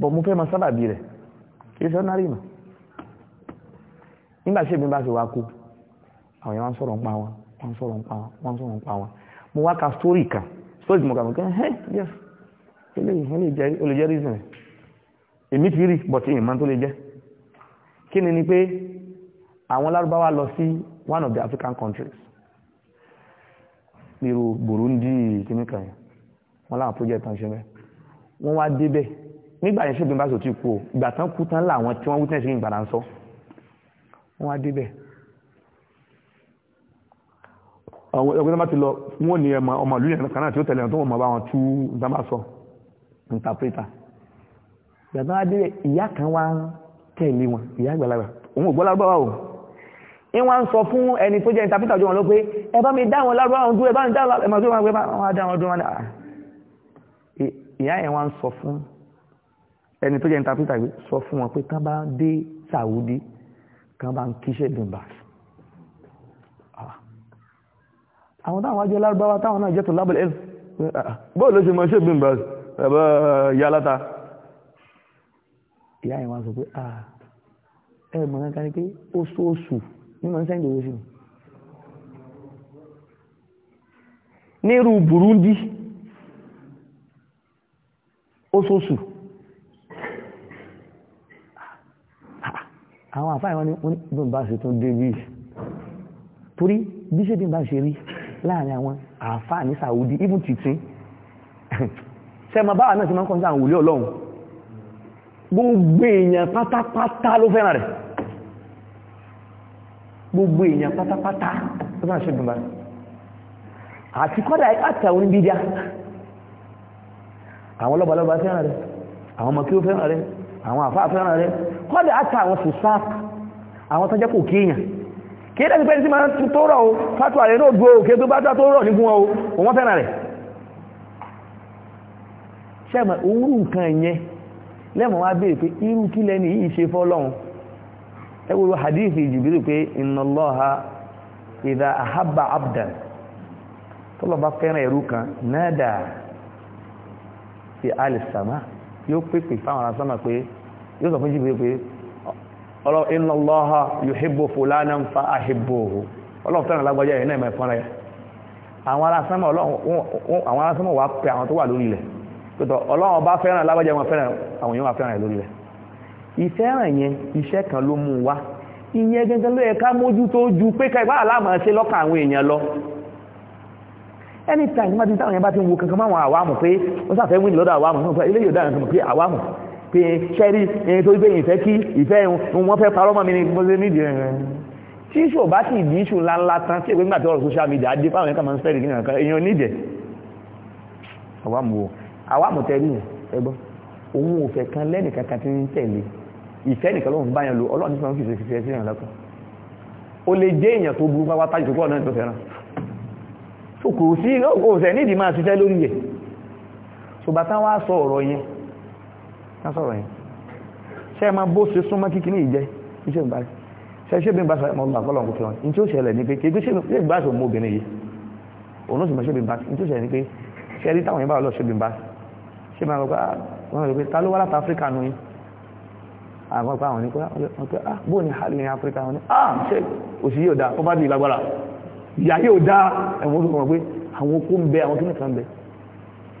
bọ̀ mo fẹ́ ma sábàbí rẹ̀ kí ṣe ọ́nà rí ìmọ̀ nígbà ṣe ìbìnrin bá sì wá kú àwọn èèyàn wọ́n sọ̀rọ̀ ń pa wọn wọ́n sọ̀rọ̀ ń pa wọn wọ́n sọ̀rọ̀ ń pa wọn mo wá ka story kan story mo kà mọ̀ kẹ́ ẹ́ yes eléyìí olè jẹ́ reason rẹ̀ èmi ti rí but èèyàn máa tó lè jẹ́ kí ni ni pé àwọn lárúbáwá lọ sí one of the African countries irú Burundi kìnnìkan yẹn wọ́n láwọn project tán ṣe mẹ́ wọ́n wá débẹ̀ nígbà yẹn ṣẹ́gun bá sọ tí kú o ìgbà tán kú tán láwọn tí wọ́n wú tẹ́sí ìgbà náà sọ wọ́n wá débẹ̀ àwọn ẹgbẹ́ bá ti lọ wọ́n ní ẹmọ ọmọ ìlú yẹn kan náà tí ó tẹ̀lé tó wọ́n mọ̀ bá wọn tú dábà sọ ìntàpẹ́tà ìgbà tán wá débẹ̀ ìyá kan wá tẹ̀lé wọn ìyá àgbàlagbà òun ò gbọ́ lárúbáwá o ìwọ̀n ń sọ fún ẹni tó jẹ́ ìtàpítà ọjọ́ wọn ló pé ẹ bá mi dá wọn lárúbáwá ọdún ẹ bá mi dá wọn ọdún wọn ah. ìyá ẹ̀ wọ́n ń sọ fún ẹni tó jẹ́ ìtàpítà sọ fún wọn pé kán bá dé Saudi kán bá ń kíṣẹ́ dùnbà ah. àwọn táwọn ajẹ́ lárúbáwá táwọn náà jẹ́ tó lábẹ́lẹ́ bóòlù ó ṣe mọ́ ìyá yẹn wá sọ pé ah ẹ mọ̀ kankan ni pé oṣooṣù ní mọ̀ ń sẹ́yìn lówó sí mi nírú Burundi oṣooṣù àwọn àfáà wọn ni wọn bí n bá ṣe tún david torí bí ṣe bí n bá ṣe rí láàrin àwọn àfáà ní Saudi even tìtín ṣe ma báwa náà ti máa ń kọ́ sí àwọn òwúlé Ọlọ́run gbogbo èèyàn pátápátá ló fẹ́ràn rẹ̀ gbogbo èèyàn pátápátá ló fẹ́ràn ṣẹ́gun bá àti kọ́dà àtàwọn bídíà àwọn lọ́balọ́ba fẹ́ràn rẹ̀ àwọn ọmọ ó rẹ̀ àwọn àfáà rẹ̀ kọ́dà àwọn tọ́jẹ́ kò kí tó rọ̀ o fátúwà rẹ̀ náà dúró kí tó bá tó rọ̀ nígun ọ òun fẹ́ràn rẹ̀ ṣẹ́mọ̀ òun nǹkan yẹn lẹ́mọ̀ wá bèèrè pé irú kí lẹ́ni yìí ṣe fọ́lọ́run ẹgbẹ̀rún hadithi Jibril pé innallaha idha ahabba abdan tọ́lọ̀bá fẹ́ràn ẹ̀rú kan nada fi alìsàmá yóò pèpè fáwọn asánà pé yóò sọ fún Jibril pé ọlọ́ innallaha yuhibbu fulanan fa ahibbuhu ọlọ́run fẹ́ràn lágbájá yẹn náà mẹ́fọ́n rẹ̀ àwọn asánà wà pẹ̀tọ̀ ọlọ́run bá fẹ́ràn lágbàjá wọn fẹ́ràn àwọn èèyàn wà fẹ́ràn ẹ̀ lórí rẹ̀ ìfẹ́ràn yẹn iṣẹ́ kan ló mú wá ìyẹn gẹ́gẹ́ ló yẹ ká mójú tó ju pé ká ìbára láàmà ṣe lọ́kàn àwọn èèyàn lọ anytime nígbàtí táwọn yẹn bá ti ń wo kankan máwọn àwámù pé wọ́n sáfẹ́ wí lọ́dọ̀ àwámù ilé yóò dára pé àwámù pé ṣẹ́rí ẹni tó gbé ìfẹ́ kí ìfẹ́ wọn fẹ́ parọ́ mọ́ mi ní gbọ́dọ̀ nídìí rẹ̀ tí ìṣò bá sì di ìṣù ńláńlá tán sí ìwé nígbàtí ọ̀rọ̀ social media dé fáwọn yẹn kà máa ń fẹ́ rí nǹkan èèyàn nídìí àwámù wo àwa àmọ̀tẹ́rì ẹgbọ́n òun ò fẹ́ kan lẹ́nìkan kan tí ń tẹ̀lé ìfẹ́ nìkan ló ń bá yẹn lo ọlọ́run nípa fífi fífi ẹsẹ̀ yẹn lọ́kàn ó lè jẹ́ èèyàn tó burú pápá tájú pọ̀ náà tó fẹ́ràn so kò sí òsẹ̀ nídìí máa ṣiṣẹ́ lórí yẹ ṣùgbọ́n táwọn á sọ ọ̀rọ̀ yẹn á sọ̀rọ̀ yẹn ṣe máa bó ṣe súnmọ́ kíkiri ìjẹ́ iṣẹ́ ìbáṣe ṣe ṣe bí n bá sọ ọmọ àkọlọ̀ kò fi wọn ní tí ó ṣẹlẹ̀ ní pé kí ṣe bí n bá sọ ọmọ obìnrin yìí òun ó sì mọ̀ ṣe bí n bá ní tí ó ṣẹlẹ̀ ní pé ṣe rí táwọn yẹn bá lọ ṣe bí n bá ṣe máa gbogbo àwọn ìrògbé ta ló wá láti áfíríkà nù yín àwọn ọgbà àwọn ní pé bó ní hàlì ah, ní wọn ni ah ṣe òsì yóò dáa fọ́n bá di ìlágbára ìyá yóò dáa ẹ̀wọ̀n tó kọ̀ pé àwọn okú ń bẹ àwọn tó nìkan bẹ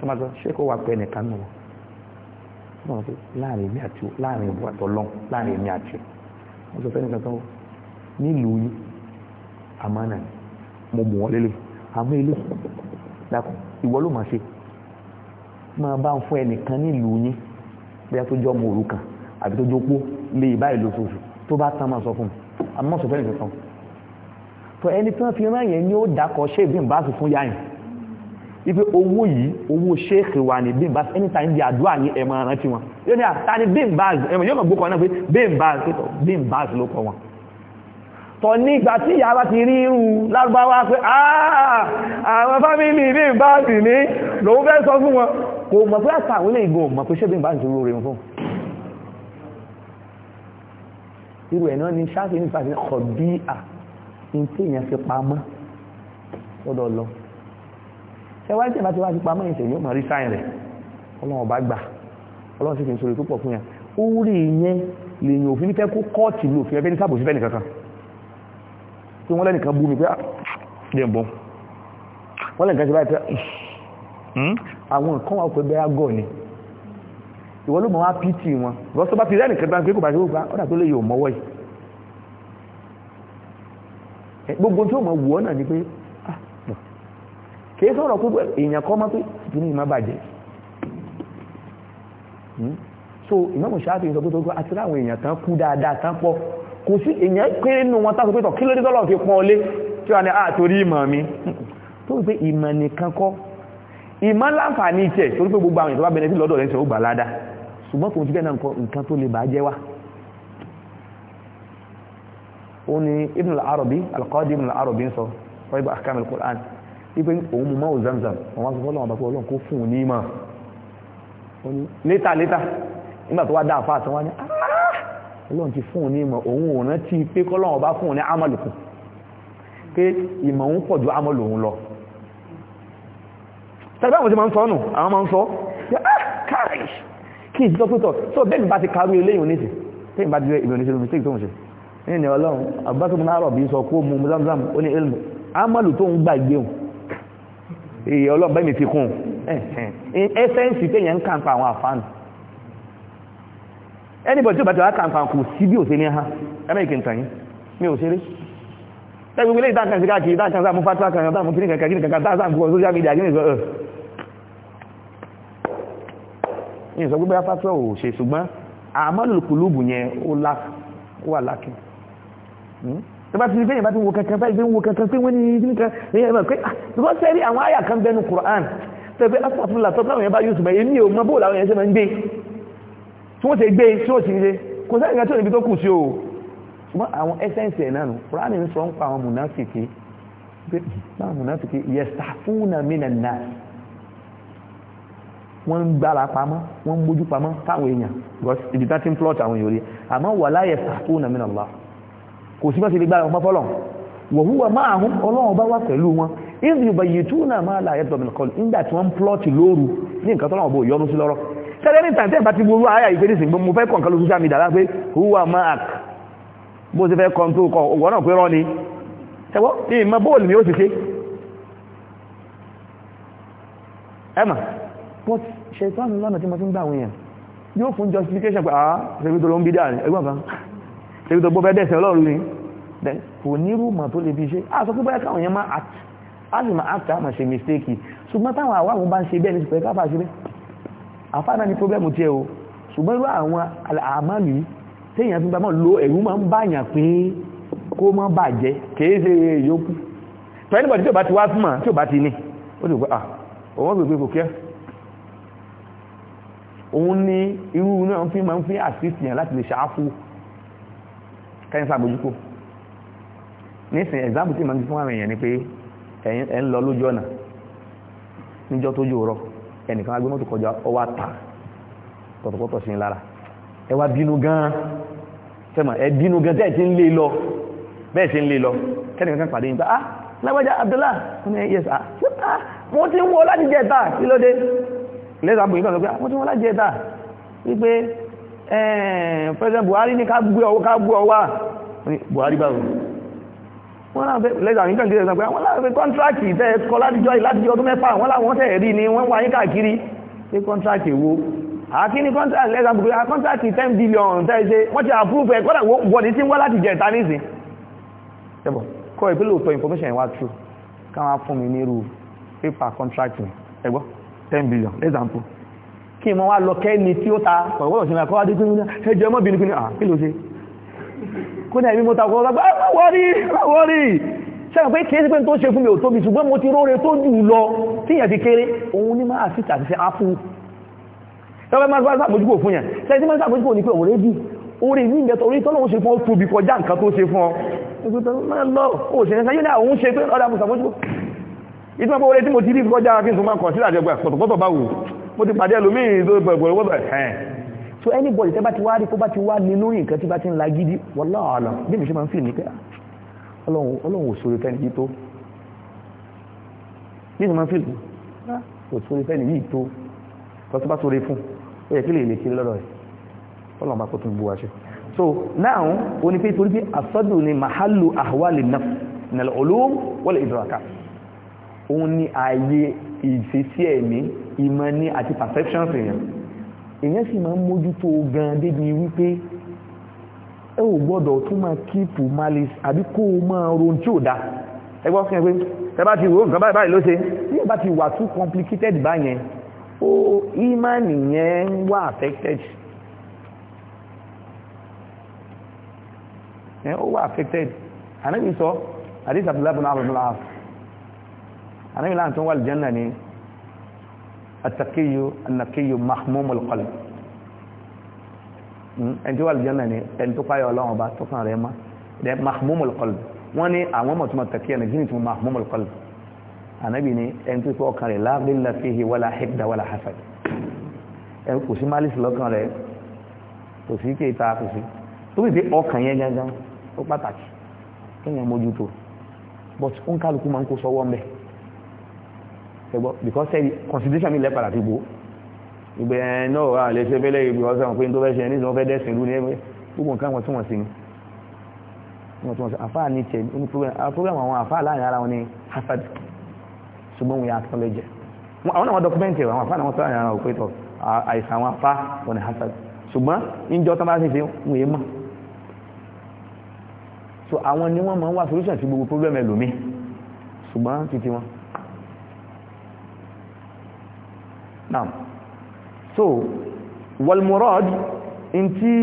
ṣe máa sọ ṣé kò wà pẹ́ nìkan nù wọn wọn pé láàrin èmi àti láàrin ìbú àtọlọ́n láàrin èmi àti wọn sọ fẹ́ni kankan nílùú yìí àmánà mo mọ̀ wọ́n lélẹ̀ àmọ́ ilé dàkún ma bá ń fún ẹnìkan nílùú yín bóyá tó jọ ọmọ òrukàn àbí tó jókòó lè báyìí lóṣooṣù tó bá tán máa sọ fún mi àmọ́ mọ́ sọ fẹ́ nìkan kan tó ẹni tí wọ́n fi rán yẹn ni ó dákọ̀ ṣé ìbí ìbáṣe fún yáyìn wípé owó yìí owó ṣéèkì wà ní bí ìbáṣe ẹni tàbí àdúrà ní ẹ̀mọ àrántí wọn yóò ní àtà ní bí ìbáṣe ẹ̀mọ yóò mọ̀ gbókọ̀ náà pé bí ìbáṣe tó bí ìbáṣe ló kọ̀ wọn tọ̀ ní ìgbà tí ìyá bá ti rí irú lárúbáwá pé àwọn fámìlì bí ìbáṣe ní lòun fẹ́ sọ fún wọn kò mọ̀ pé àṣà àwọn ilé ìgbò mọ̀ pé ṣébìn bá ń dúró rẹ̀ fún irú ẹ̀ ni ṣáàfì nípa ti kọ̀ bí à ní tí èèyàn fi pamọ́ lọ́dọ̀ lọ ṣẹwàá ìjẹba ti wá fi pamọ́ ìṣẹ̀ yóò mọ̀ rí sáìn rẹ̀ ọlọ́run ọba gbà ọlọ́run sì fi ń sọ̀rọ̀ púpọ̀ fún yàn ó rí ìyẹn lèyìn òfin ní fẹ́ kó kọ́ọ̀tì lò fi ẹgbẹ́ ní sábò sí fẹ́ nìkankan tí wọ́n lẹ́nìkan bú mi pé à dẹ̀ ń àwọn nǹkan wà pé bẹ́ẹ̀ gọ̀ ni ìwọ ló mọ̀ wá pt wọn lọ sọ bá ti rẹ́nì kẹta pé kò bá ṣe gbogbo ọ̀dà tó lè yọ mọ́wọ́ yìí gbogbo tí ó mọ̀ wọ́ náà ni pé ah, kìí sọ̀rọ̀ pé èèyàn kọ́ mọ́ pé ìpínlẹ̀ ìmọ̀ bàjẹ́ hmm? so ìmọ̀mù ṣáàfihàn sọ pé tó gbọ́ àti láwọn èèyàn tán kú dáadáa tán pọ̀ kò sí èèyàn péré nù wọn tásọ pé tọ̀ kí lórí tọ́lọ̀ fi pọ́n ìmọ̀ láǹfààní tẹ̀ torí pé gbogbo àwọn ìtọ́wà benefit lọ́dọ̀ rẹ̀ ń sọ ó gbà ládá ṣùgbọ́n kò ti bẹ́ẹ̀ náà nǹkan tó lè bàá jẹ́ wá ó ní ibn al-arabi al-qadi ibn al-arabi ń sọ wáyé bá akam al-qur'an wípé òun mú máwò zamzam wọn wá sọ fọlọ́wọ́n bá pé ọlọ́run kó tàbí àwọn tí ma ń sọ nù àwọn ma ń ah, so bẹ́ẹ̀ bá ti kàrú ilé ìwọ̀n nísì tẹ́yìn bá ti rẹ ìbẹ̀rẹ̀ nísì mistake tó ń ṣe ní ìní ilmu amalu tó ń gbàgbé hùn èyí ọlọ́run bẹ́ẹ̀ mi fi kún un ẹsẹ́ǹsì tẹ́yìn ń kà ń pa àwọn àfáànù anybody tó bá ti wá kà ń pa kò sí bí òṣèré ha ẹ̀mẹ́kì ń tàn yín mi ò ṣeré ẹgbẹ̀gbẹ̀ lè dákan sí káàkiri dákan sáà ní kankan kí ní kankan dáàmú social media kí ní ìsọ gbogbo afáfẹ́ ò ṣe ṣùgbọ́n àmọ́lùkùlùbù yẹn ó wà lákì hmm? tọba ti fẹ́yìn bá ti wo kankan fẹ́ ìgbé wo kankan pé wọ́n ní ìdínkà lẹ́yìn ẹ̀mọ̀ pé ah, because sẹ́rí àwọn àyà kan bẹnu Qur'an tẹ́gbẹ́ asàfúnlá tọ́ táwọn yẹn bá yóò ṣùgbọ́n èmi ò mọ bóòlù àwọn yẹn ṣe máa ń gbé tí wọ́n ti gbé tí ó ti rí kò sẹ́yìn kan tó wọ́n ń gbára pamọ́ wọ́n ń mójú pamọ́ fáwọn èèyàn ibi tá ti ń plọ́t àwọn èèyàn rí àmọ́ wà láyẹ̀ sàtó nà mìíràn lọ kò sí bọ́sí lè gbára wọn fọ́lọ̀ wọ̀húwà máa hún ọlọ́run bá wà pẹ̀lú wọn ìdí ìbàyè tó náà máa láyẹ̀ tọ́ mìíràn kọlù nígbà tí wọ́n ń plọ́t lóru ní nǹkan tọ́lọ́wọ́ bó yọnu sí lọ́rọ́ tẹ́lẹ̀ ní tàǹtẹ́ bá ti gbogbo ayà ìpè nísìnyí mo fẹ́ kọ̀ǹkan ló social media lápé wúwà máa bó ṣe fẹ́ kọ́ńtò kọ̀ ọ̀wọ́ náà pé rọ́ ni ẹwọ́ ẹ̀mà but ṣẹ̀tọ́nù lọ́nà tí mo ti ń gbà wọ́n yóò fún justification pé àá ṣẹ̀gbẹ́tọ̀ ló ń bí dáa ní ẹgbọ́n kan ṣẹ̀gbẹ́tọ̀ gbọ́ fẹ́ dẹ̀sẹ̀ ọlọ́run ni kò nírú mọ̀ tó lè fi ṣe á sọ pé báyẹ̀ káwọn yẹn máa act á sì máa act àmọ̀ ṣe mistake ṣùgbọ́n táwọn àwáwọn bá ń ṣe bẹ́ẹ̀ ní ṣùpẹ́ káfà ṣe bẹ́ẹ̀ àfáàdá ni problem tiẹ̀ o ṣùgbọ́n irú àwọn àmàlì téèyàn fi gbàmọ́ lo ẹ̀rú máa ń báyàn pé kó má bàjẹ́ kìí ṣe yòókù tọ́ ẹnìbọ̀dì tí ò bá ti wá fún mọ̀ tí ò bá ti ní ó sì pé ah òun gbègbè kò kẹ́ òun ní irú náà fi ma ń fi àsìsì yàn láti lè ṣàáfú kẹ́yìnsá àbójúkò nísìn ẹ̀záàbù tí ma ń fi fún àwọn èèyàn ni pé ẹ̀ ń lọ lójú ọ̀nà níjọ́ tó jò rọ ẹnìkan agbé mọ́tò kọjá ó wá ta tọ̀tọ̀kọ́tọ̀ sí lára ẹ wá bínú gan sẹ́mà ẹ bínú gan tẹ́ ti ń lé e lọ bẹ́ẹ̀ ti ń lé e lọ kẹ́nìkan kan pàdé nípa ah lágbájá Abdullah wọ́n ah. ah mo ti ń wọ láti jẹ́ lẹ́sàbò yìí kan sọ pé àwọn tí wọ́n lájẹ́ ta wípé eh, president Buhari ní ká gbé ọwọ́ ká gbé ọwọ́ Buhari báwo wọ́n láwọn lẹ́sàbò yìí kan kí lẹ́sàbò àwọn láwọn kọ́ntrákì tẹ́ kọ́ látijọ́ látijọ́ ọdún mẹ́fà ni wọ́n wáyé káàkiri pé kọ́ntrákì wo àkíní kọ́ntrákì lẹ́sàbò pé kọ́ntrákì ten billion tẹ́ ṣe wọ́n ti approve ẹ̀ kọ́dà wọ́n ní tí wọ́n láti jẹ̀ta nísìn kọ́ ìpínlẹ̀ òtọ́ information wá true káwọn fún mi ní irú paper contract ẹgbọ́n ten billion example kí mọ́ wá lọ kẹ́ni tí ó ta ọ̀gbọ́dọ̀ sí ìrìnàkọ́ adé tó ní ẹjọ́ mọ́ bínú kínú àkí ló ṣe kó ní ẹ̀mí mọ́ta kọ́ wọ́rí wọ́rí sẹ́yìn pé kìí ah, sí pé tó ṣe fún mi ò tóbi ṣùgbọ́n mo ti róre tó jù lọ tí yẹn ti kéré òun ní máa síta àti ṣe ápù ẹgbẹ́ máa sáà mójúkò fún yẹn sẹ́yìn tí máa sáà mójúkò ní pé òun rédí orí ní ìgbẹ́tọ̀ orí tọ́lọ́wọ́ ṣe fún ó tóbi kọjá nǹkan tó ṣe fún ọ ìtumọ̀ pé wọlé tí mo ti rí kọjá kí n tún máa kàn sílẹ̀ àjẹgbà pọ̀tọ̀pọ̀tọ̀ bá wù mo ti so anybody tẹ́ bá ti wá rí kó bá ti wá ní lórí nǹkan tí bá ti ń la gidi wallahu alam bí mi ṣe máa ń fi ní pé ọlọ́run ò sórí fẹ́ni yìí tó bá kó tún bu aṣọ so now onípe torí pé asọ́dù ni mahalu ahwali nafs nal ulum wal òun ni ààyè ìfèsí ẹ̀mí ìmọ̀ ní àti perceptions èèyàn èèyàn sì máa ń mójútó gan débi wípé ẹ ò gbọ́dọ̀ tún máa kíìpù malice àbí kó o máa ron tí ò dáa ẹgbọ́ fún ẹ pé ẹ bá ti wo nǹkan báyìí báyìí ló ṣe bí ẹ bá ti wà too complicated báyẹn ó ìmánì yẹn ń wà affected ó wà affected ànábì sọ àdìsàbìlẹ́bùn àbùnà àfọ anáyìn láàrín tó wà aljanna ni atakiyu anakiyu mahmumul qalb hmm, ẹni tó wà aljanna ni ẹni tó páyọ ọlọ́run ọba tó kàn rẹ mọ́ dẹ mahmumul qalb wọ́n ní àwọn ọmọ tó mọ̀ takiya ní gíní tó mahmumul qalb anábì ni ẹni tó kọ́ ọkàn rẹ̀ la ghilla fihi wala hidda wala hasad ẹ kò sí málìsì lọ́kàn rẹ̀ kò sí kéta kò sí tó wípé ọkàn yẹn gangan ó pàtàkì kéèyàn mójútó but ó ń kálukú máa ń kó ṣẹgbọ́ because ṣe consideration mi lẹ́pàdà ti gbó ìgbẹ́ ẹ̀ náà wà lè ṣe fẹ́lẹ́ ìgbẹ́ ọ̀sán pé tó fẹ́ ṣe ní ìṣòwò fẹ́ dẹ́sìn ìlú ní ẹgbẹ́ gbogbo nǹkan wọn tí wọ́n sí ni wọ́n tí wọ́n sí àfáà ní tẹ̀ ní program àwọn àfáà láàrin ara wọn ni hasad ṣùgbọ́n wọn yà àtọ́lẹ́jẹ̀ àwọn àwọn dọ́kúmẹ́ntì àwọn àfáà náà sáàrin ara wọn pé tọ̀ àìsàn àwọn afá wọn ni hasad ṣùgbọ́n ìjọ tán bá ṣe ṣe wọn yé mọ̀ so àwọn ni wọ́n máa ń wá solution sí gbogbo problem ẹlòmíì ṣùgbọ́n títí wọn náà so walmurad in tí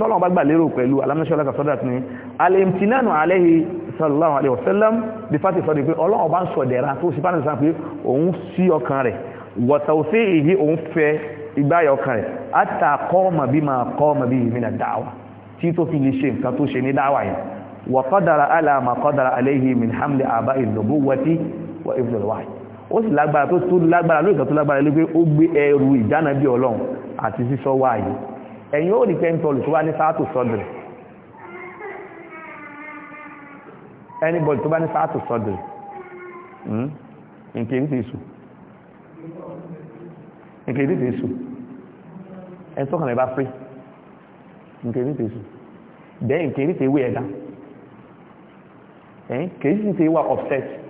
tọ́lọ̀ bá gbà lérò pẹ̀lú alámúṣọ́lá kàsọ́dà ní alìmtìnánù aléhi sallallahu alaihi wasallam bí fàtí sọ́dì pé ọlọ́wọ́ bá ń sọ̀dẹ̀ra tó sì fàtí sáà pé òun sí ọkàn rẹ̀ wọ̀tàwó sí èyí òun fẹ́ igbáyà ọkàn rẹ̀ àtàkọ́ọ̀mà bí máa kọ́ọ̀mà bí ìmìnà dáwà tí tó fi lè ṣe nǹkan tó ṣe ní dáwà yẹn wọ̀kọ́dàrà alàmà kọ́dàrà aléhi min hamli àbá ìlúbúwọ́tí wọ ìfúnlọ́wàá ó sì lágbára tó tó lágbára lórí ìkan tó lágbára lé pé ó gbé ẹrù ìjánàbí ọlọ́run àti sísọ wáyé ẹ̀yìn ó rí pẹ́ntọ́lù tó wá ní sáàtò sọ́dìrì anybody tó bá ní sáàtò sọ́dìrì nke hmm? ní ti sù nke ní ti sù ẹni tó kàn lè bá pé nke ní ti sù bẹ́ẹ̀ nke ní ti wé ẹ̀dá kèé sì ti wá offset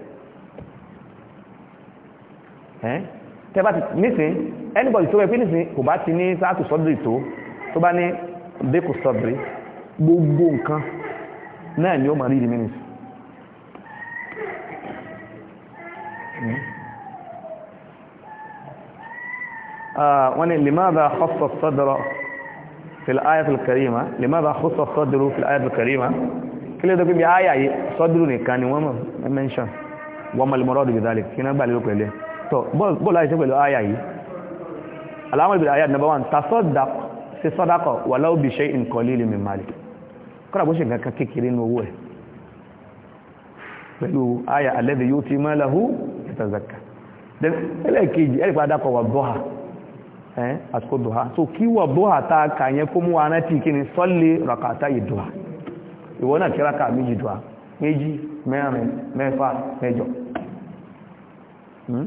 tẹ́bá ti nísìn anybody tó rẹ̀ pé nísìn kò bá ti ní sáàtù sọ́dìrì tó tó bá ní bẹ́kù sọ́dìrì gbogbo nǹkan náà ni ó máa rí ìdí mínìsì wọ́n ni limadha khassa sadra fil ayatul karima limadha khassa sadru fil ayatul karima kí lè tó kí bí áyà yìí sọ́dìrì nìkan ni wọ́n mọ̀ mention tọ́ bọ́ọ̀lá ìṣẹ́ pẹ̀lú àyà yìí aláwọ̀ ìbìlẹ̀ àyà number one tasọ́dà sí sọ́dákọ̀ wà láwọ́bì ṣe nǹkan líle mi máa lè kọ́nà bó ṣe nǹkan kékeré ní owó ẹ̀ pẹ̀lú àyà alẹ́bẹ̀ yóò ti máa lahu ìtàzàkà so kí wà bọ́hà tá a kà yẹn kó mú wa rántí kí ni sọ́lé rakàtà yìí dùhà ìwọ náà Hmm?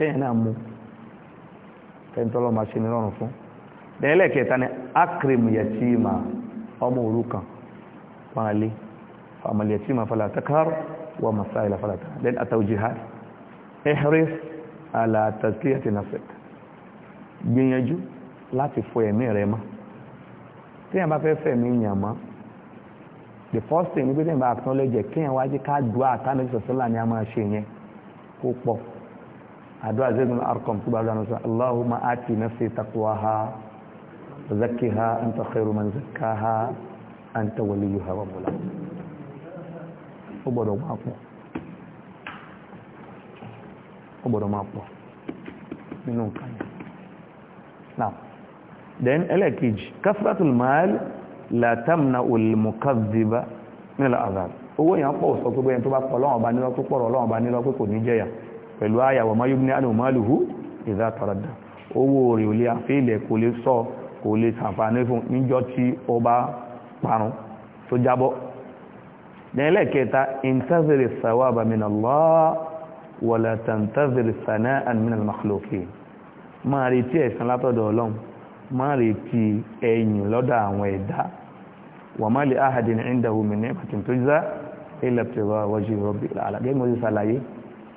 tẹ́yìn náà mú tẹ́ntọ́lọ́ máa ṣe ní rọrùn fún dẹ́lẹ́kẹta ni akrim yatima ọmọ òrukàn pàálé fàmàl yatima fala takar wa masáìlá fala takar then atawjihad ihris ala tazkiyati nafsik gbìyànjú láti fọ ẹ̀mí rẹ̀ mọ́ tẹ́yìn bá fẹ́ fẹ̀mí yàn mọ́ the first thing ni pé tẹ́yìn bá acknowledge ẹ̀ kéèyàn wájú ká dùá àtàlẹ́sọ̀sọ́là ni a máa ṣe yẹn kó pọ̀ àdúrà zẹ́gun arkam tó bá dáná sọ aláhùmá àti nafsi takwaha zakiha anta khairu man zakaha anta waliyuha wa mula ó gbọ́dọ̀ máa pọ̀ ó gbọ́dọ̀ máa pọ̀ nínú nǹkan náà then ẹlẹ́kejì kásìlátùl máàlì látàmìnà olùmùkàzìbá nílẹ̀ àzàbí owó èèyàn pọ̀ sọ pé bẹ́ẹ̀ tó bá pọ̀ lọ́wọ́n bá nílọ́ tó pọ̀rọ̀ lọ́wọ́n bá nílọ́ pé kò ní pẹ̀lú àyà wa ma yubni anhu maluhu idha taradda owó rẹ̀ ò lè àfihìlẹ̀ kò lè sọ kò lè sàǹfààní fún níjọ́ tí ó bá parun tó jábọ́ lẹ́lẹ́kẹta intazir sawaba min Allah wala tantazir sana'an min al-makhluqin máa retí ẹ̀san látọ̀dọ̀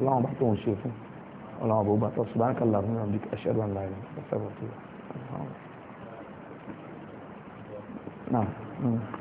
ọlọ́run bá tó ń ṣe fún ọlọ́run bó gbà tó ṣùgbọ́n kàlà fún ọ̀bí ẹ̀ṣẹ̀rọ̀ ńlá rẹ̀ ẹ̀ṣẹ̀rọ̀ tó yà.